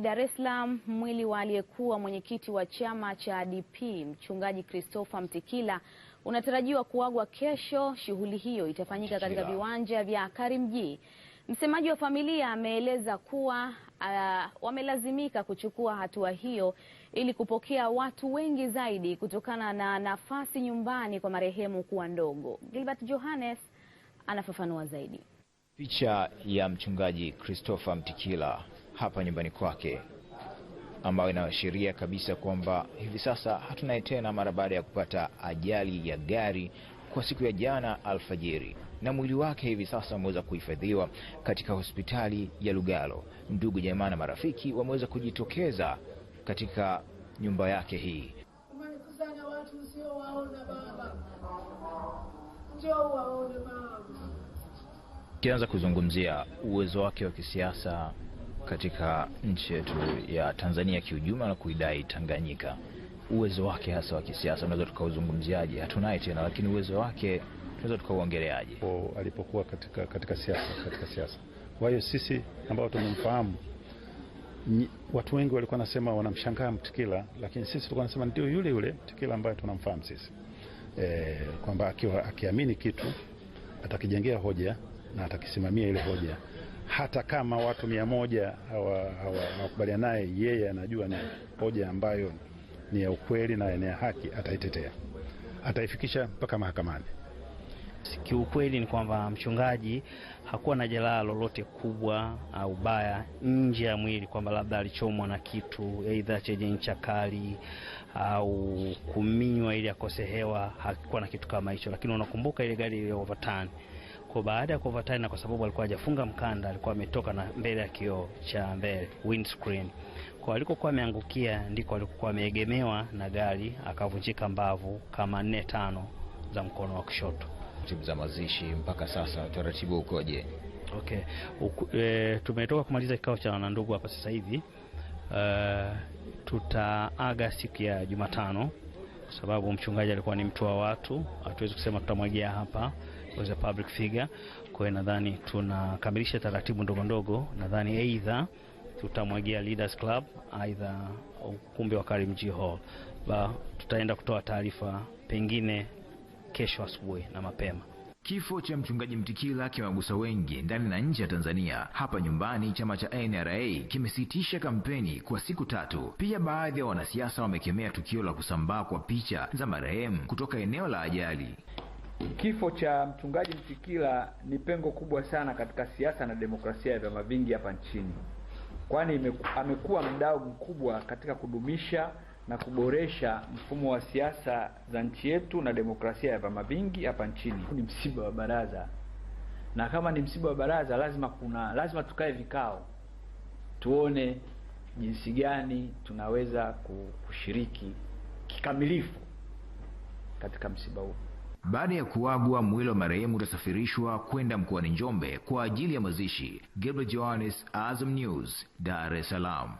Dar es Salaam mwili wa aliyekuwa mwenyekiti wa chama cha ADP mchungaji Christopher Mtikila unatarajiwa kuagwa kesho. Shughuli hiyo itafanyika katika viwanja vya Karimjee. Msemaji wa familia ameeleza kuwa uh, wamelazimika kuchukua hatua hiyo ili kupokea watu wengi zaidi kutokana na nafasi nyumbani kwa marehemu kuwa ndogo. Gilbert Johannes anafafanua zaidi. Picha ya mchungaji Christopher Mtikila hapa nyumbani kwake, ambayo inaashiria kabisa kwamba hivi sasa hatunaye tena mara baada ya kupata ajali ya gari kwa siku ya jana alfajiri, na mwili wake hivi sasa umeweza kuhifadhiwa katika hospitali ya Lugalo. Ndugu jamaa na marafiki wameweza kujitokeza katika nyumba yake hii. Umekusanya watu usiowaona baba, baba. kuzungumzia uwezo wake wa kisiasa katika nchi yetu ya Tanzania kiujumla na kuidai Tanganyika. Uwezo wake hasa wa kisiasa unaweza tukauzungumziaje? Hatunaye tena, lakini uwezo wake tunaweza tukauongeleaje? Alipokuwa katika, katika siasa katika siasa. Kwa hiyo sisi ambao tumemfahamu watu wengi walikuwa nasema wanamshangaa Mtikila, lakini sisi tulikuwa nasema ndio yule yule Mtikila ambaye tunamfahamu sisi e, kwamba akiwa akiamini kitu atakijengea hoja na atakisimamia ile hoja hata kama watu mia moja hawakubalia naye, yeye anajua ni hoja ambayo ni ya ukweli na ni ya haki, ataitetea, ataifikisha mpaka mahakamani. Kiukweli ni kwamba mchungaji hakuwa na jeraha lolote kubwa au baya nje ya mwili, kwamba labda alichomwa na kitu aidha chenye ncha kali au kuminywa ili akose hewa. Hakuwa na kitu kama hicho, lakini unakumbuka ile gari ile overturn kwa baada ya kuovatani, na kwa sababu alikuwa hajafunga mkanda, alikuwa ametoka na mbele ya kioo cha mbele windscreen. Kwa alikokuwa ameangukia ndiko alikokuwa ameegemewa na gari, akavunjika mbavu kama nne tano za mkono wa kushoto. Timu za mazishi mpaka sasa utaratibu ukoje? Okay. E, tumetoka kumaliza kikao cha wanandugu hapa sasa hivi. E, tutaaga siku ya Jumatano kwa sababu mchungaji alikuwa ni mtu wa watu, hatuwezi kusema tutamwagia hapa was a public figure. Kwa hiyo nadhani tunakamilisha taratibu ndogo ndogo, nadhani aidha tutamwagia Leaders Club aidha ukumbi wa Karimjee Hall ba, tutaenda kutoa taarifa pengine kesho asubuhi na mapema. Kifo cha mchungaji Mtikila kimewagusa wengi ndani na nje ya Tanzania. Hapa nyumbani, chama cha NRA kimesitisha kampeni kwa siku tatu. Pia baadhi ya wanasiasa wamekemea tukio la kusambaa kwa picha za marehemu kutoka eneo la ajali. Kifo cha mchungaji Mtikila ni pengo kubwa sana katika siasa na demokrasia ya vyama vingi hapa nchini, kwani amekuwa mdau mkubwa katika kudumisha na kuboresha mfumo wa siasa za nchi yetu na demokrasia ya vyama vingi hapa nchini. Ni msiba wa baraza, na kama ni msiba wa baraza, lazima kuna lazima tukae vikao, tuone jinsi gani tunaweza kushiriki kikamilifu katika msiba huu. Baada ya kuagwa, mwili wa marehemu utasafirishwa kwenda mkoani Njombe kwa ajili ya mazishi. Gabriel Johannes, Azam News, Dar es Salaam.